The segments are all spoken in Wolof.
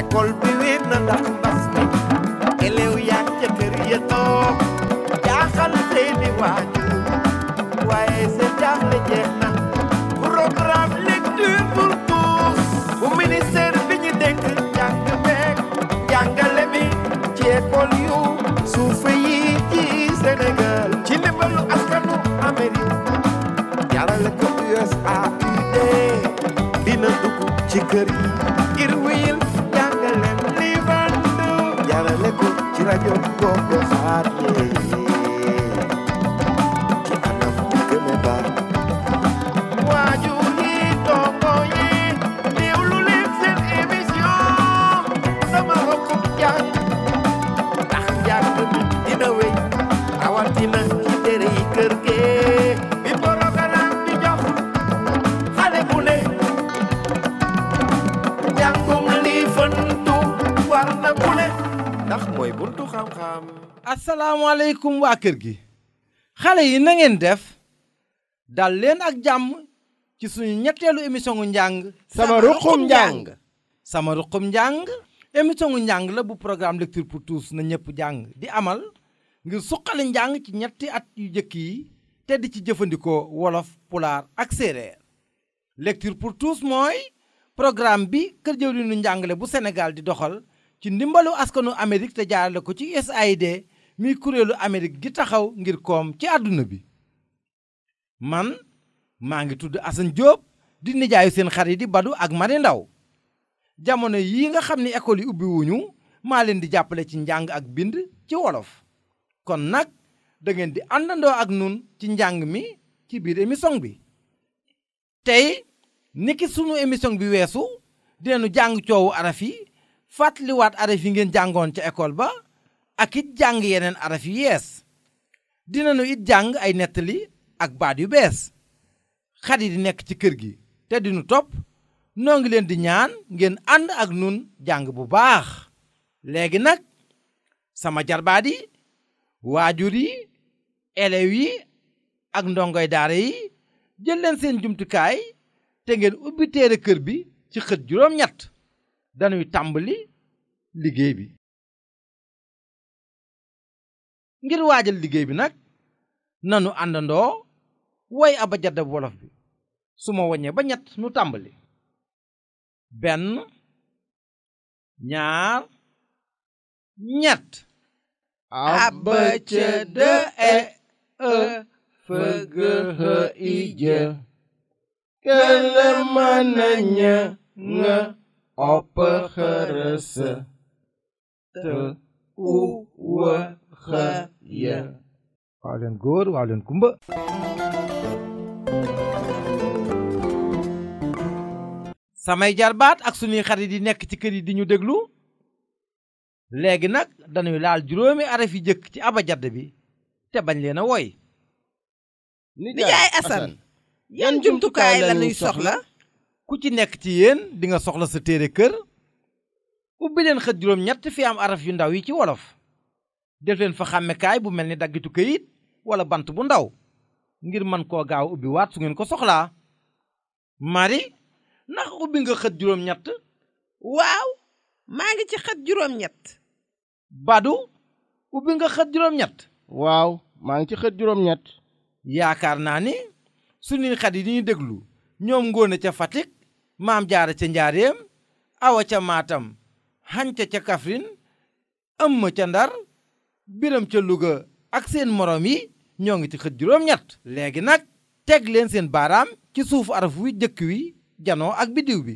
école bi wéet na ndax mbas mi elew yaa ca kër ya jaaxal seeni waajur waaye seen jaaxle jeex na programme lecture pour tous bu ministère bi ñu dénk njàng meek njàngale mi ci école yu suufe yi ci Sénégal ci ndimbalu askanu Amérique jarale ko USAID dina dugg ci kër yi ngir iba yo con los mooy buntu xam-xam. asalaamaaleykum waa kër gi. xale yi nangeen def. dal leen ak jàmm ci suñu ñetteelu émission njàng. sama ruqum njàng. sama ruqum njàng. émission njàng la bu programme lecture pour tous na ñëpp jàng di amal ngir suqali njàng ci ñetti at yu njëkk yi te di ci jëfandikoo wolof pulaar ak séeréer. lecture pour tous mooy programme bi kër jëwriñu njàngale bu senegal di doxal. ci ndimbalu askanu Amérique te jaarale ko ci USAID muy kuréelu Amérique gi taxaw ngir koom ci àdduna bi man maa ngi tudd Assane Diop di nijaayu seen xarit yi Badou ak Mari Ndaw jamono yii nga xam ni école yi ubbi maa leen di jàppale ci njàng ak bind ci wolof kon nag dangeen di àndandoo ak nun ci njàng mi ci biir émission bi tey niki sunu émission bi weesu dinañu jàng coowu araf yi fàttaliwaat araf yi ngeen jàngoon ca école ba ak it jàng yeneen araf yu yees dinanu it jàng ay nettali ak baat yu bees xadi di nekk ci kër gi te dinu topp noo ngi leen di ñaan ngeen ànd ak nun jàng bu baax léegi nag sama jarbaadi waajur yi élèves yi ak ndongoy daara yi jël leen seen jumtukaay te ngeen ubbi téere kër bi ci xët juróom-ñett dañuy tàmbali liggéey bi ngir waajal liggéey bi nag nanu àndandoo woy aba jaddab wolof bi su ma waññee ba ñett nu tàmbali benn ñaar ñett aba cëdë e ë e, fëgë hë ijë këlë mëna ñë ŋë oppë xërësë 的乌我和也。وعلى نقول وعلى نكمبا samay jarbaat ak sunuy xarit yi nekk ci kër yi di ñu déglu léegi nag dañuy laal juróomi araf yi jëkk ci abajad bi te bañ leen a woy nijaay yan jumtukaay soxla ku ci nekk ci yéen di soxla sa téere kër ubbi leen xët juróom ñett fi am araf yu ndaw yi ci wolof def leen fa xàmmekaay bu mel ni daggitu këyit wala bant bu ndaw ngir mën koo gaaw ubbi waat su ngeen ko soxlaa mari ndax ubbi nga xët juróom ñett waaw maa ngi ci xët juróom ñett badu ubbi nga xët maa ngi ci xët juróom ñett yaakaar naa ni suñuy xat yi ñu déglu ñoom ngóone ca Fatick maam jaara ca njaareem awa ca maatam xanca ca Kaffrine ëmm ca Ndar biram ca Louga ak seen moroom yi ñoo ngi ci xët juróom-ñett léegi nag teg leen seen baaraam ci suufu araf wi jëkk wi janoo ak biddiw bi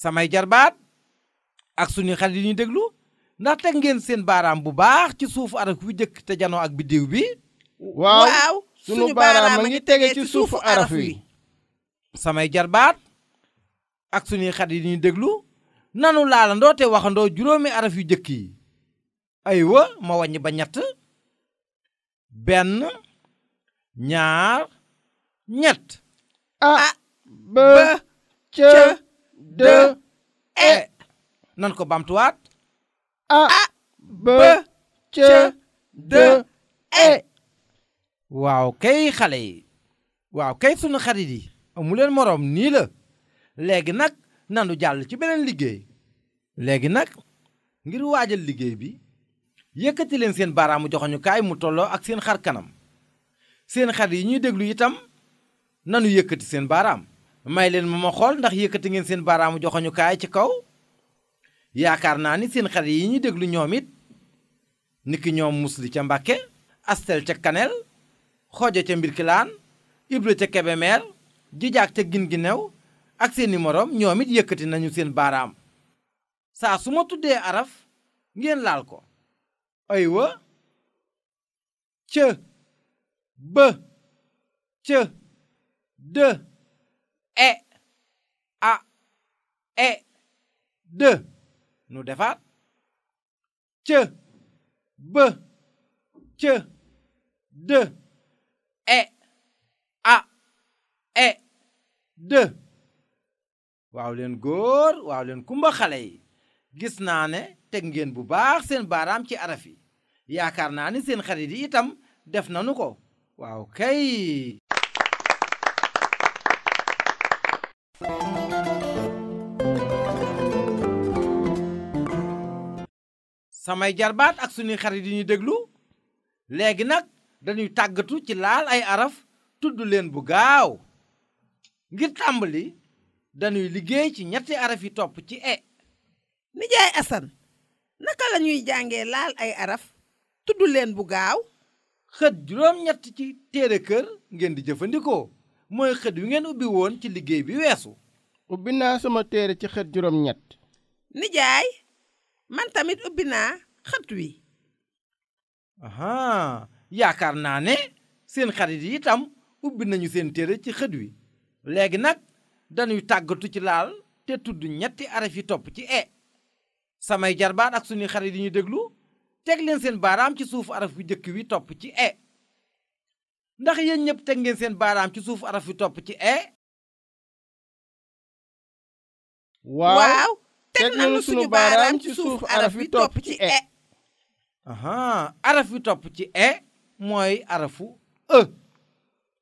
samay jarbaat ak suñu xel yi ñuy déglu ndax teg ngeen seen baaraam bu baax ci suufu araf wi jëkk te janoo ak biddiw bi waaw suñu baaraam a ngi tege ci suufu araf wi samay jarbaat ak sunuy xat yi ñuy déglu nanu laalandoo te waxandoo juróomi araf yu jëkk yi aywa ma wàññi ba ñett benn ñaar ñett a b c d e. e nan ko bamtuwaat a b c d e. e waaw kay xale yi waaw kay sunu xarit yi amu moroom nii la léegi nag nanu jàll ci beneen liggéey léegi nag ngir waajal liggéey bi yëkkati leen seen baaraamu joxoñukaay mu tolloo ak seen xar kanam seen xar yi ñuy déglu itam nanu yëkkati seen baaraam may leen ma ma xool ndax yëkkati ngeen seen baaraamu joxoñukaay ci kaw yaakaar naa ni seen xar yi ñuy déglu ñoom it niki ñoom musli ca mbàkke astel ca kaneel xoojo ca mbirkilaan ibra ca kebemeer jijaak ca gin gi new ak seeni moroom ñoom it yëkkati nañu seen baaraam saa suma tuddee araf ngeen laal ko aywa c c c b c d e a e d waaw leen góor waaw leen kumba xale yi gis naa ne teg ngeen bu baax seen baaraam ci araf yi yaakaar naa ni seen xarit yi itam def nanu ko waaw kay samay jarbaat ak sunuy xarit yi ñu déglu léegi nag dañuy tàggatu ci laal ay araf tudd leen bu gaaw ngir tàmbali dañuy liggéey ci ñetti araf yi topp ci e nijaay asan naka lañuy jànge laal ay araf tudd leen bu gaaw xët juróom-ñett ci téere kër ngeen di jëfandikoo mooy xët yu ngeen ubbi woon ci liggéey bi weesu ubbi naa sama téere ci xët juróom-ñett nijaay man tamit ubbi naa xët wi yaakaar naa ne seen xarit yi itam ubbi nañu seen téere ci xët wi léegi nag dañuy tàggatu ci laal te tudd ñetti araf yi topp ci e samay jarbaat ak suñuy xarit yi ñu déglu teg leen seen baaraam ci suufu araf bu njëkk wi topp ci e ndax yéen ñëpp teg ngeen seen baaraam ci suufu araf wi topp ci e suñu baaraam araf wi e. e. topp ci e aha topp ci mooy arafu e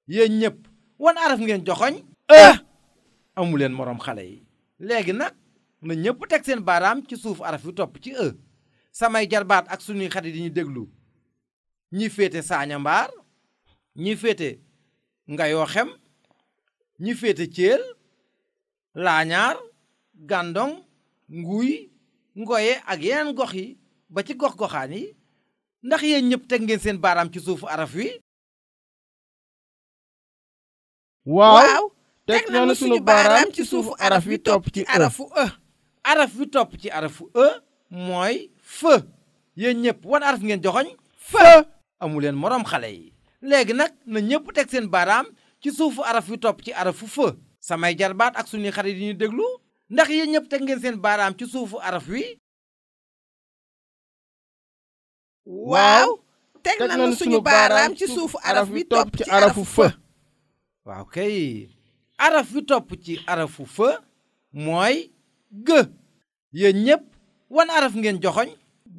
yéen ñëpp wan araf ngeen joxoñ e. amu leen moroom xale yi léegi nag na ñëpp teg seen baaraam ci suufu araf yu topp ci samay jarbaat ak sunuy xarit yi ñu déglu ñi féete saaña mbaar ñi féete ngayoo xem ñi féete céel laañaar gàndong nguy ngoye ak yeneen gox yi ba ci gox-goxaan yi ndax yéen ñëpp teg ngeen seen baaraam ci suufu araf wi waaw teg nañu suñu baaraam ci suufu araf wi topp ci arafu e araf wi topp ci arafu e mooy fë yéen ñëpp wan araf ngeen joxoñ fë amu leen moroom xale yi léegi nag na ñëpp teg seen baaraam ci suufu araf wi topp ci arafu fë samay jarbaat ak suñuy xarit yi ñu déglu ndax yéen ñëpp teg ngeen seen baaraam ci suufu araf wi waaw teg nañu suñu baaraam ci suufu araf wi topp ci arafu fë waaw kay araf wi topp ci arafu fa mooy gë yéen ñépp wan araf ngeen joxoñ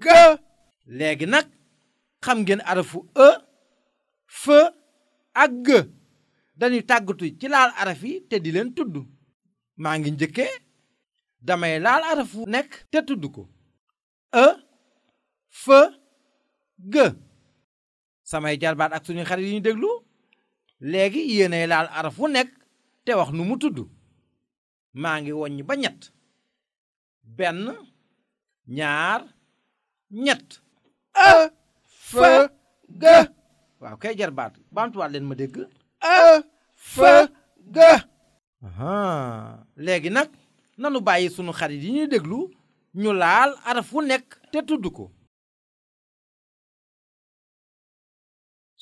gë léegi nag xam ngeen arafu e fa ak gë dañuy tàggatu ci laal araf yi te di leen tudd maa ngi njëkkee damay laal arafu nekk te tudd ko e fa gë samay jarbaat ak suñu xarit yi ñu déglu léegi yéenay laal araf wu nekk te wax nu mu tudd maa ngi woññ ba ñett benn ñaar ñett a fa ga waaw kay jarbaat baamtuwaat leen ma dégg a fa ga léegi nag nanu bàyyi sunu xarit yi ñuy déglu ñu laal araf wu nekk te tudd ko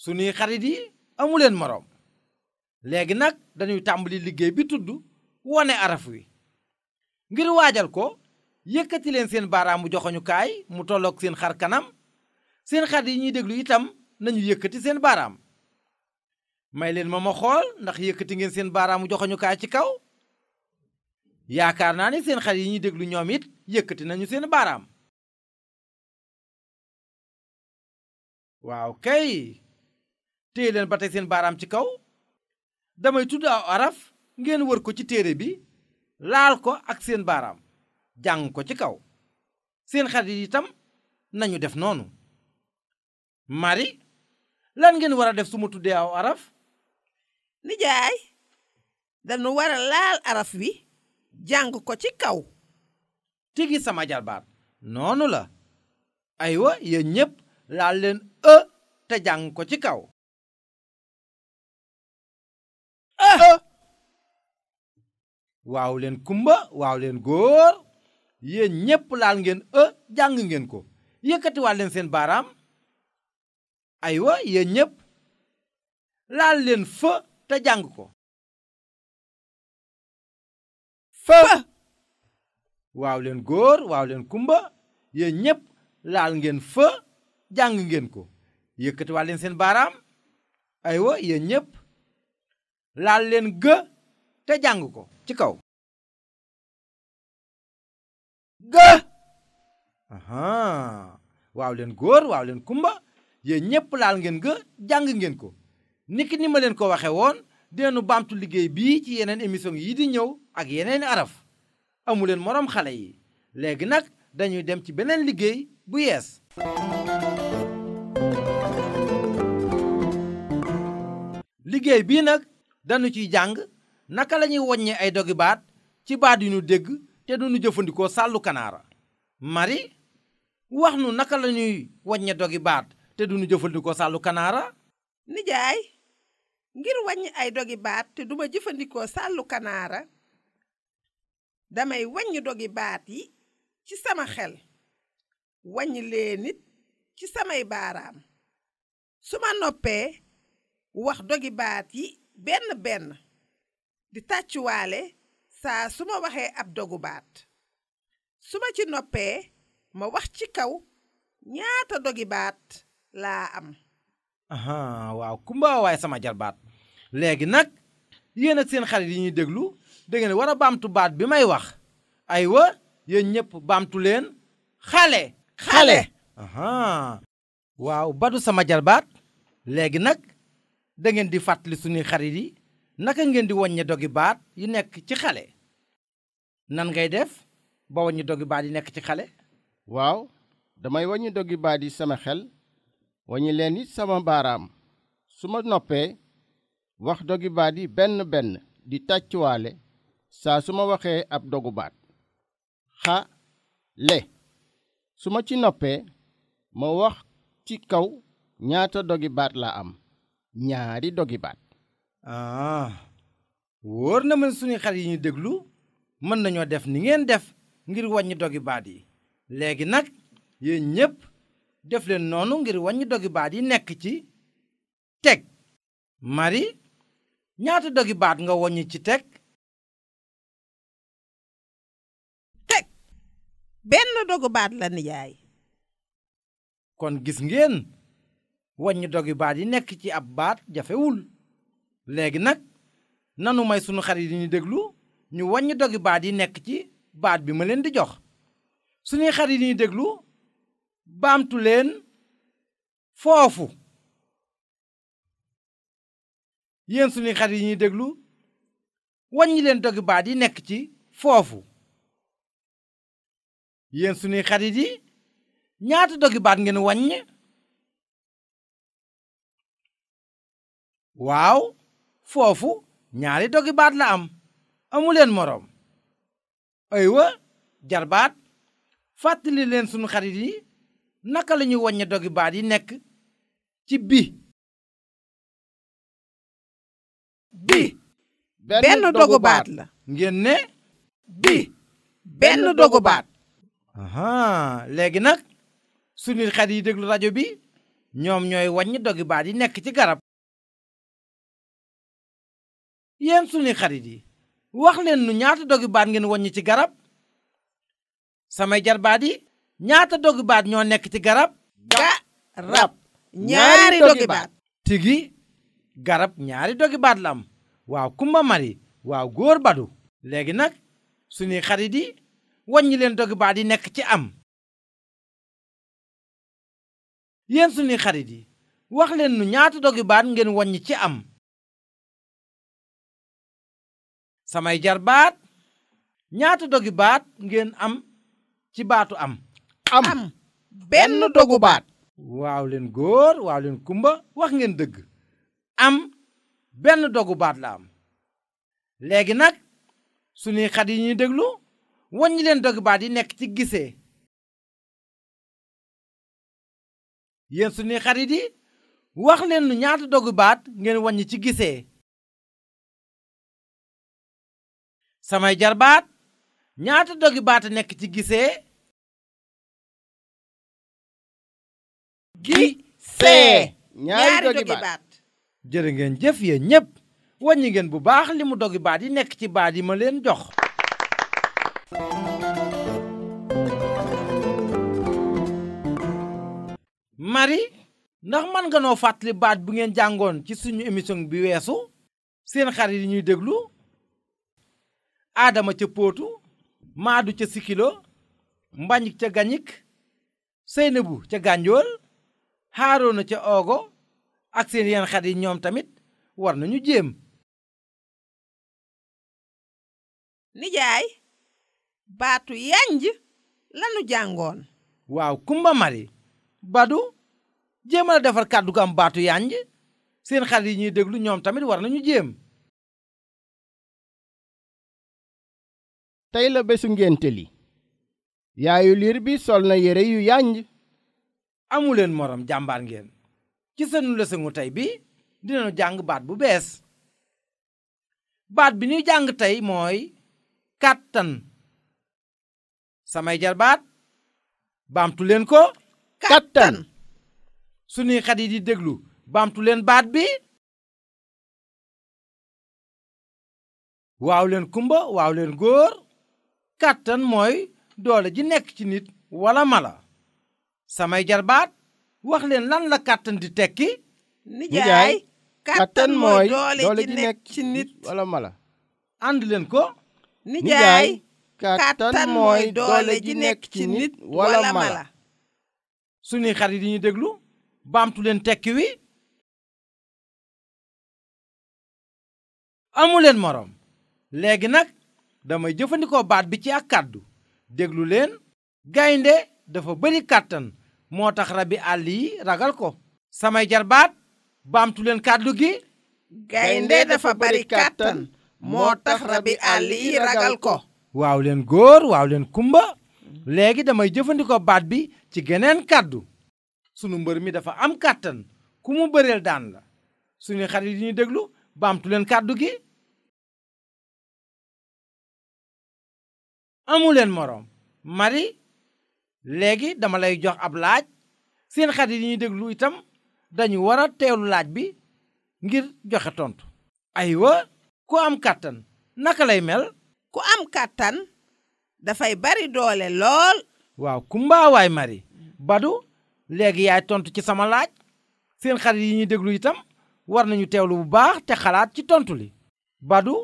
sunuy xarit yi amuleen moroom léegi nag dañuy tàmbali liggéey bi tudd wone araf wi ngir waajal ko yëkkati leen seen baaraamu joxoñukaay mu tolloog seen xar kanam seen xar yi ñuy déglu itam nañu yëkkati seen baaraam may leen ma ma xool ndax yëkkati ngeen seen baaraamu joxoñukaay ci kaw yaakaar naa ni seen xar yi ñuy déglu ñoom it yëkkati nañu seen baaraam waaw kay téye leen ba tey seen baaraam ci kaw damay tudd aw araf ngeen wër ko ci téere bi laal ko ak seen baaraam jàng ko ci kaw seen xarit itam nañu def noonu mari lan ngeen war a def su ma tuddee aw araf nijaay dañu war a laal araf wi jàng ko ci kaw tigi sama jarbaat noonu la aywa yéen ñépp laal leen e te jàng ko ci kaw Ah! waaw leen kumba waaw leen góor yéen ñépp laal ngeen e jàng ngeen ko yëkkatiwaat leen seen baaraam aywa yéen ñépp laal leen fa te jàng ko fa waaw leen góor waaw leen kumba laal ngeen fa jàng ngeen ko yëkkatiwaat leen seen baaraam aywa yéen ñépp laal leen gë te jàng ko ci kaw gë aha waaw leen góor waaw leen kumba yéen ñépp laal ngeen gë jàng ngeen ko niki ni ma leen ko waxe woon deenu baamtu liggéey bii ci yeneen émission yi di ñëw ak yeneen araf amuleen moroom xale yi léegi nag dañuy dem ci beneen liggéey bu yees liggéey bii nag danu ciy jàng naka la ñuy woññee ay dogi baat ci baat yu nu dégg te duñu jëfandikoo sàllu kanaara mari wax nu naka la ñuy dogi baat te duñu jëfandikoo sàllu kanaara nijaay ngir wàññi ay dogi baat te duma jëfandikoo sàllu kanaara damay wàññi dogi baat yi ci sama xel wàññi leen nit ci samay baaraam su ma noppee wax dogi baat yi benn benn di tàccuwaale saa su ma waxee ab dogu baat su ma ci noppee ma wax ci kaw ñaata dogi baat laa am waaw kumba waaye sama jarbaat léegi nag yéen ak seen xarit yi ñuy déglu da ngeen war baamtu baat bi may wax aywa yéen ñëpp baamtu leen xale xale waaw badu sama jarbaat léegi nag dangeen di fàttali suñuy xarit yi naka ngeen di wàññi dogi baat yi nekk ci xale nan ngay def ba wàññi dogi baat yi nekk ci xale waaw damay wàññi dogi baat yi sama xel wàññi leen it sama baaraam su ma noppee wax dogi baat yi benn benn di tàccuwaale saa su ma waxee ab dogu baat xa le su ma ci noppee ma wax ci kaw ñaata dogi baat laa am ñaari dogi baat ah, wóor na mën suñu xel yi ñu déglu mën nañoo def ni ngeen def ngir wàññi dogi baat yi léegi nag yéen ñépp def leen noonu ngir wàññi dogi baat yi nekk ci teg mari ñaata dogi nga wàññi ci teg teg benn dogu baat la nijaay kon gis ngeen waññi dog baat yi nekk ci ab baat jafewul léegi nag nanu may sunu xarit yi ñu déglu ñu waññi dog baat yi nekk ci baat bi ma leen di jox suñuy xarit yi ñu déglu baamtu leen foofu yéen suñuy xarit yi ñuy déglu waññi leen dogi baat yi nekk ci foofu yéen suñuy xarit yi ñaata dogi baat ngeen wàññ waaw foofu ñaari dogi baat la am amuleen moroom aywa jarbaat fàttali leen sunu xarit yi naka lañuy waññe dogi baat yi nekk ci bi bi benn dogu baat la ngeen ne bi benn dogu léegi nag sunu xarit yi déglu rajo bi ñoom ñooy waññi dogi baat yi nekk ci garab yéen suñu xarit yi wax leen nu ñaata dogi baat ngeen wàññi ci garab samay jarbaat yi ñaata dogi baat ñoo nekk ci garab garab ñaari dogi garab ñaari dogi baat la am waaw kumba mari waaw góor badu léegi nag suñuy xarit yi wàññi leen dogi baat yi nekk ci am yéen suñuy xarit yi wax leen ñaata dogi baat ngeen wàññi ci am samay jarbaat ñaati dogi baat ngeen am ci baatu am. am benn dogu baat. waaw leen góor waaw leen kumba wax ngeen dëgg am benn dogu baat la am léegi nag suñuy xat yi ñuy déglu waññi leen dogu baat yi nekk ci gisee. yéen suñuy xarit yi wax leen ñaata dogu baat ngeen wàññi ci gisee. samay jarbaat ñaata dogi baata nekk ci gisee gisee ñaari dogi ngeen jëf yéen ñépp wàññi ngeen bu baax li mu dogi baat yi nekk ci baat yi ma leen jox mari ndax mën nga noo fàttali baat bu ngeen jàngoon ci suñu émission bi weesu seen xarit yi ñuy déglu aadama ca póotu maadu ca sikilo mbañik ca gañik seynabu ca gànjool xaaroona ca oogo ak seen yenn xat yi ñoom tamit war nañu jéem nijaay baatu yanj lanu jàngoon waaw kumba mari badu jéemal defar kàddu gu am baatu yanj seen xat yi ñuy déglu ñoom tamit war nañu jéem tey la bésu ngénte li yaayu liir bi sol na yére yu yànj amuleen moroom jàmbaar ngeen ci senu lësëngu tey bi dinañu jàng baat bu bees baat bi ñuy jàng tey mooy kàttan sama jarbaat baamtu leen ko kàttan sunuy xat yi di déglu baamtu baat bi kàttan mooy doole ji nekk ci nit wala mala samay jarbaat waxleen lan la kàttan di tekki nijaay kàttan mooy doole ji nekk ci nit wala mala ànd leen ko nijaay kàttan mooy doole ji nekk ci nit wala mala suñuy xarit yi ñu déglu baamtuleen tekki wi amu moroom damay jëfandikoo baat bi ci ak kàddu déglu leen gaynde dafa bari kàttan moo tax rabi àll yi ragal ko samay jarbaat baamtu leen kàddu gi gaynde dafa bari kàttan moo tax rabi àll yi ragal ko waaw leen góor waaw leen kumba léegi damay jëfandikoo baat bi ci geneen kàddu sunu mbër mi dafa am kàttan ku mu bëreel daan la suñu xarit yi ñu déglu baamtu leen kàddu gi amuleen moroom mari léegi dama lay jox ab laaj seen xarit yi ñuy déglu itam dañu war a teewlu laaj bi ngir joxe tontu. aywa ku am kàttan naka lay mel. ku am kàttan dafay bari doole lool. waaw kumbaawaay mari badu léegi yaay tontu ci sama laaj seen xarit yi ñuy déglu itam war nañu teewlu bu baax te xalaat ci tontu li. badu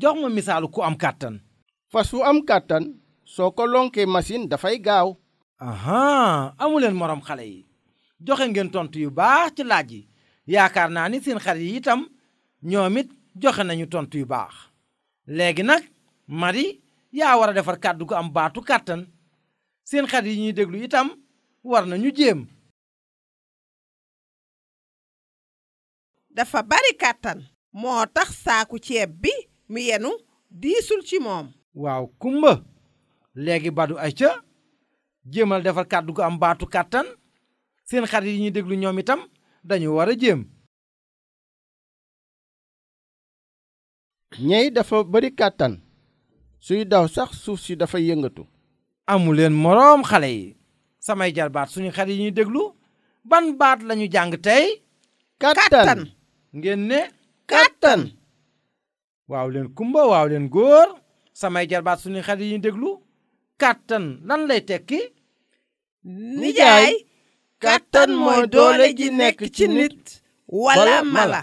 jox ma misaalu ku am kàttan. fas wu am kàttan soo ko lonkee machine dafay gaaw ahan amuleen moroom xale yi joxe ngeen tontu yu baax ci laaj yi yaakaar naa ni seen xarit yi itam ñoom it joxe nañu tontu yu baax léegi nag mari yaa war a defar kàddu gu am baatu kàttan seen xarit yi ñuy déglu itam war nañu jéem dafa bari kàttan moo tax saaku ceeb bi mu yenu diisul waaw kumba léegi badu ay ca jéemal defar kàddu gu am baatu kàttan seen xarit yi ñuy déglu ñoom itam dañu war a jéem ñey dafa bari kàttan suy daw sax suuf si dafa yëngatu amuleen moroom xale yi samay jarbaat suñu xarit yi ñuy déglu ban baat lañu jàng tey kàttan ngeen ne kàttan waaw leen kumba waaw leen góor samay jarbaat suñuy xarit yi ñu déglu kàttan lan lay tekki nijaay kàttan mooy doole ji nekk ci nit wala mala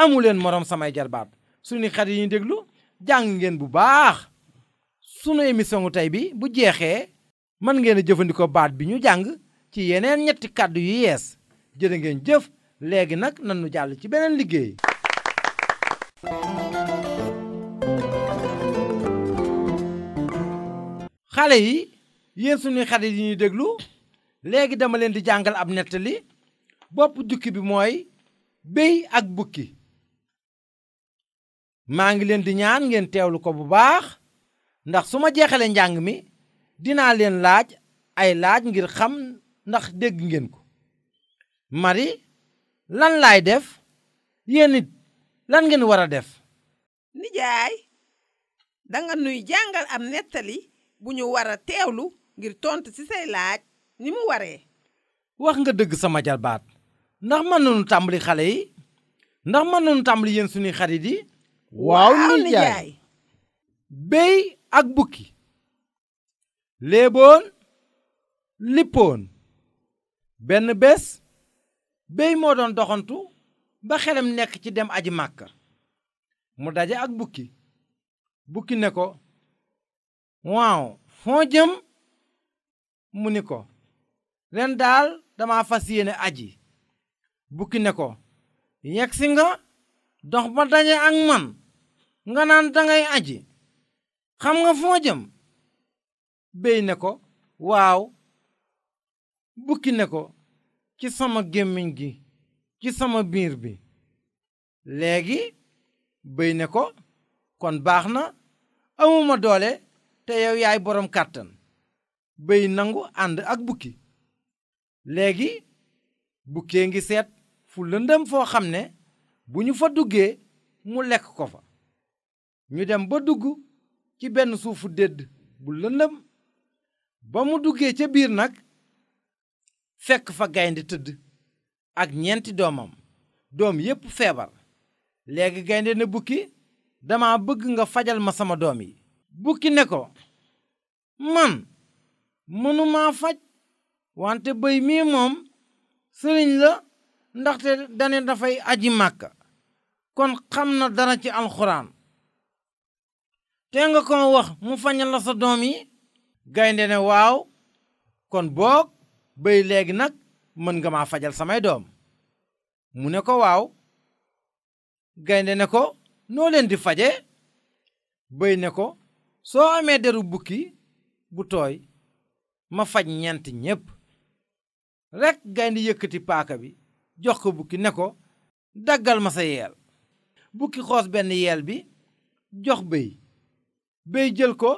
amuleen moroom samay jarbaat suñuy xarit yi ñu déglu jàng ngeen bu baax sunu émission gu tey bi bu jeexee mën ngeen a jëfandikoo baat bi ñu jàng ci yeneen ñetti kàddu yu yees jërë ngeen jëf léegi nag nanu jàll ci beneen liggéey xale yi yéen suñuy xarit yi ñuy déglu léegi dama leen di jàngal ab nettali bopp jukki bi mooy béy ak bukki maa ngi leen di ñaan ngeen teewlu ko bu baax ndax su ma jeexalee njàng mi dinaa leen laaj ay laaj ngir xam ndax dégg ngeen ko mari lan laay def yéen it lan ngeen war a def nijaay danga nuy jàngal am nettali bu ñu war a teewlu ngir tontu ci say laaj ni mu waree. wax nga dëgg sama jarbaat ndax mën nañu tàmbali xale yi ndax mën nañu tàmbali yéen suñuy xarit yi. waaw nijaay béy ak bukki. léeboon lippoon benn bés béy moo doon doxantu ba xelam nekk ci dem aji màkka mu daje ak bukki bukki ne ko waaw foo jëm mu ni ko ren daal dama fas yéene aji bukki ne ko yegsi nga dox ba daje ak man nga naan dangay aji xam nga foo jëm béy ne ko waaw bukki ne ko ci sama gémmiñ gi ci sama biir bi léegi béy ne ko kon baax na amuma doole te yow yaay boroom kàttan béy nangu ànd ak bukki léegi bukkee ngi seet fu lëndëm foo xam ne bu ñu fa duggee mu lekk ko fa ñu dem ba dugg ci benn suufu dëdd bu lëndëm ba mu duggee ca biir nag fekk fa gaynde tëdd ak ñeenti doomam doom yépp feebar léegi gaynde ne bukki dama bëgg nga fajal ma sama doom yi bukki ne ko man mënumaa faj wante bëy mii moom sëriñ la ndaxte dane dafay aji màkk kon xam na dara ci alxuraan te nga ko wax mu fañal la sa doom yi gaynde ne waaw kon boog bëy léegi nag mën nga maa fajal samay doom mu ne ko waaw gaynde ne ko noo leen di faje bëy ne ko soo amee deru bukki bu tooy ma faj ñent ñépp rekk gaynde yëkkati paaka bi jox ko bukki ne ko daggal ma sa yeel bukki xoos benn yeel bi jox béy béy jël ko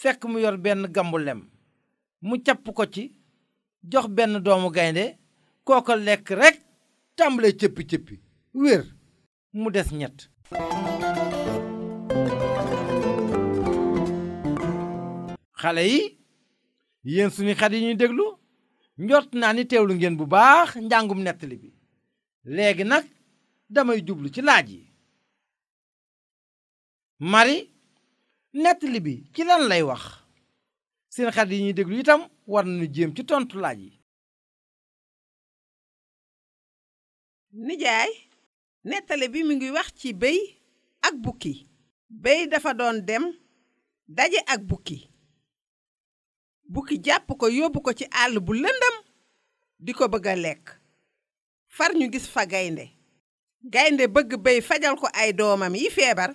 fekk mu yor benn gambu lem mu capp ko ci jox benn doomu gaynde koo ko lekk rekk tàmbale cëppi-cëppi wér mu des ñett xale yi yéen suñu xat yi ñuy déglu njort naa ni teewlu ngeen bu baax njàngum nettali bi léegi nag damay jublu ci laaj yi mari nettali bi ci lan lay wax seen xat yi ñuy déglu itam war nañu jéem ci tontu laaj yi nijaay nettali bi mu ngi wax ci ak bukki béy dafa doon dem daje ak bukki bukki jàpp ko yóbbu ko ci àll bu lëndam di ko bëgg a lekk far ñu gis fa gaynde gaynde bëgg béy fajal ko ay doomam yi feebar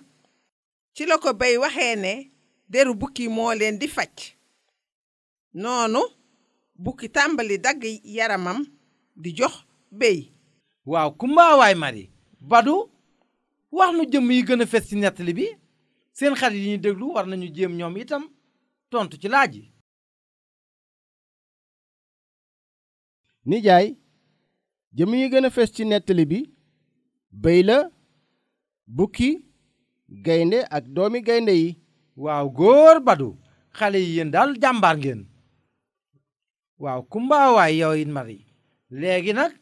ci la ko béy waxee ne deru bukki moo leen di faj noonu bukki tàmbali dagg yaramam di jox béy waaw kumbaawaay mari badu wax nu jëmm yi gën a fes ci nettali bi seen xarit yi ñu déglu war nañu jéem ñoom itam tontu ci laaj yi nijaay jëmm yi gën a fees ci nettali bi béy la bukki gaynde ak doomi gaynde yi waaw góor badu xale yi yéen daal jàmbaar ngeen waaw kumbaawaay yow it mari léegi nag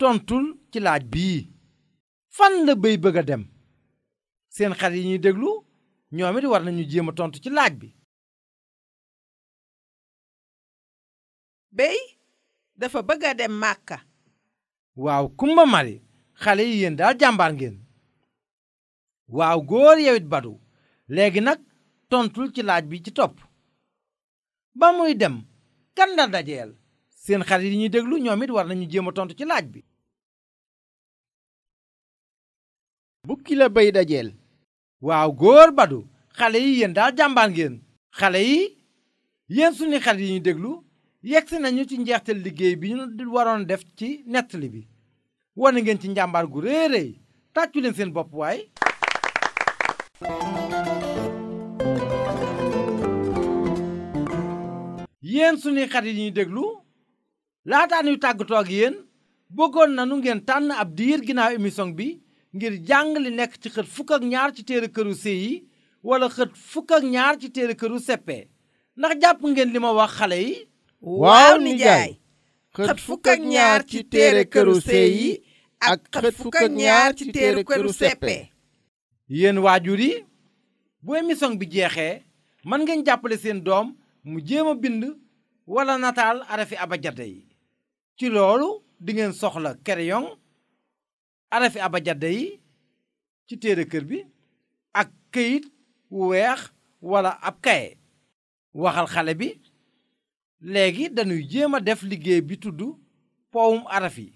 tontul ci laaj bii fan la béy bëgg a dem seen xarit yi ñuy déglu ñoom it war nañu jéem a tontu ci laaj bi béy dafa bëgg a dem màkka waaw kumba mari xale yi yéen daal jàmbaar ngeen waaw góor yewit badu léegi nag tontul ci laaj bi ci topp ba muy dem kan la dajeel seen xarit yi ñuy déglu ñoom it war nañu jéem a tontu ci laaj bi bukki la bay dajeel waaw góor xale yi yéen daal jàmbaar ngeen xale yi yéen suñu xarit yi ñuy déglu yegsi nañu ci njeextal liggéey bi ñu waroon def ci nettali bi wane ngeen ci njàmbar gu réeréy tàccu leen seen bopp waay yéen sunuy xarit yi ñuy déglu laataa ñuy tàggatoo ak yéen bëggoon nanu ngeen tànn ab diir ginnaaw émission bi ngir jàng li nekk ci xët fukk ak ñaar ci téere këru CI wala xët fukk ak ñaar ci téere këru CP ndax jàpp ngeen li ma wax xale yi waaw nijaay xët fukk ak ñaar ci téere këru sey yi ak xët fukk ak ñaar ci téere këru seppe yéen waajur yi bu émission bi jeexee mën ngeen jàppale seen doom mu jéem a bind wala nataal arafi abajada yi ci loolu dingeen soxla crayon arafi abajada yi ci téere kër bi ak këyit wu weex wala ab kaye waxal xale bi léegi dañuy jéem a def liggéey bi tudd powum araf yi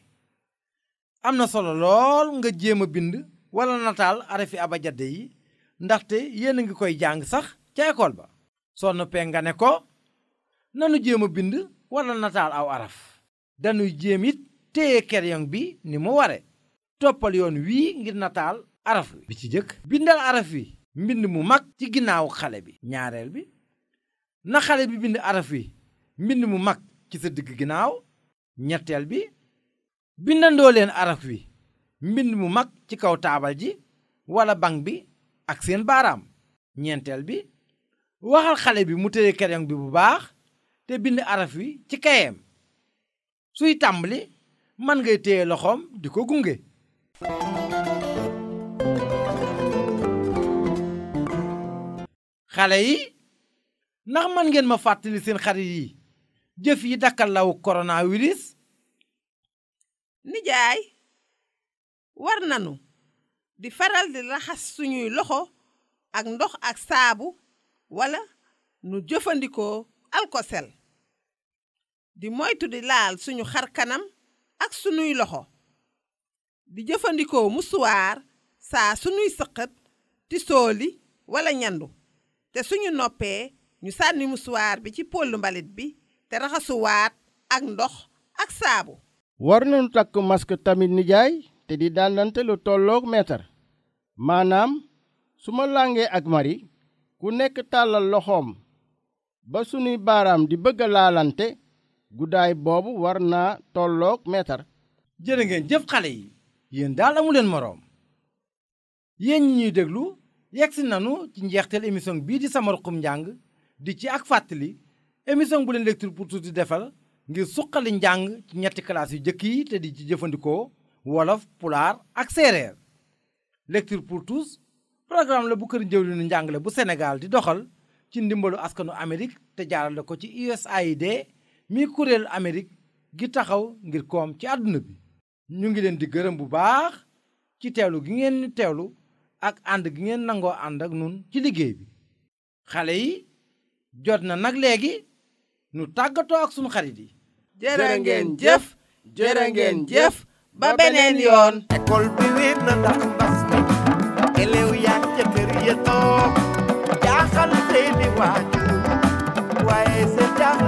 am na solo lool nga jéem a bind wala nataal arafi abajade yi ndaxte yéen a ngi koy jàng sax ca école ba sonn pe nga ne ko nanu jéem a bind wala nataal aw araf dañuy jéem it téye keryong bi ni mu ware toppal yoon wii ngir nataal araf bi ci jëkk bindal araf wi mbind mu mag ci ginnaaw xale bi ñaareel bi na xale bi bind araf wi mbind mu mag ci sa digg ginnaaw ñetteel bi bindandoo araf wi mbind mu mag ci kaw taabal ji walla bank bi ak seen baaraam ñeenteel bi waxal xale bi mu téye crayon bi bu baax te bind araf wi ci kayeem suy tàmbali mën ngay téye loxoom di ko gunge xale yi ndax man ngeen ma fàttali seen xarit yi jëf yi dakkal law coronavirus nijaay war nanu di faral di raxas suñuy loxo ak ndox ak saabu wala nu jëfandikoo alkosel di moytu di laal suñu xar kanam ak suñuy loxo di jëfandikoo musuwaar saa suñuy sëqët ti sooli walla ñandu te suñu noppee ñu sànni musuwaar bi ci pollu mbalit bi te raxasuwaat ak ndox ak saabu war nañu takk masque tamit nijaay te di dandante lu tolloog meetar maanaam su ma làngee ak mari ku nekk tàllal loxoom ba sunuy baaraam di bëgg a laalante guddaay boobu war naa tolloog meetar jërë ngeen jëf xale yi yéen daal amuleen moroom yéen ñi ñuy déglu yegsi nanu ci njeexteel émission bii di sama ruqum njàng di ci ak fàttali émission bu leen lecture pour tous di defal ngir suqali njàng ci ñetti classe yu njëkk yi te di ci jëfandikoo wolof pulaar ak séeréer lecture pour tous programme bu kër njëwlinu njàngale bu Sénégal di doxal ci ndimbalu askanu Amérique te jaarale ko ci USAID mi kuréelu amerik gi taxaw ngir koom ci àdduna bi ñu ngi leen di gërëm bu baax ci teewlu gi ngeen ñu teewlu ak ànd gi ngeen nangoo ànd ak nun ci liggéey bi xale yi jot na nag léegi nu tàggatoo ak sunu xarit yi. jërë ngeen jëf jërë ngeen ba beneen yoon. école bi wér na mbas mi élèves yaa ca kër ya toog jaaxal seeni waajur waaye seen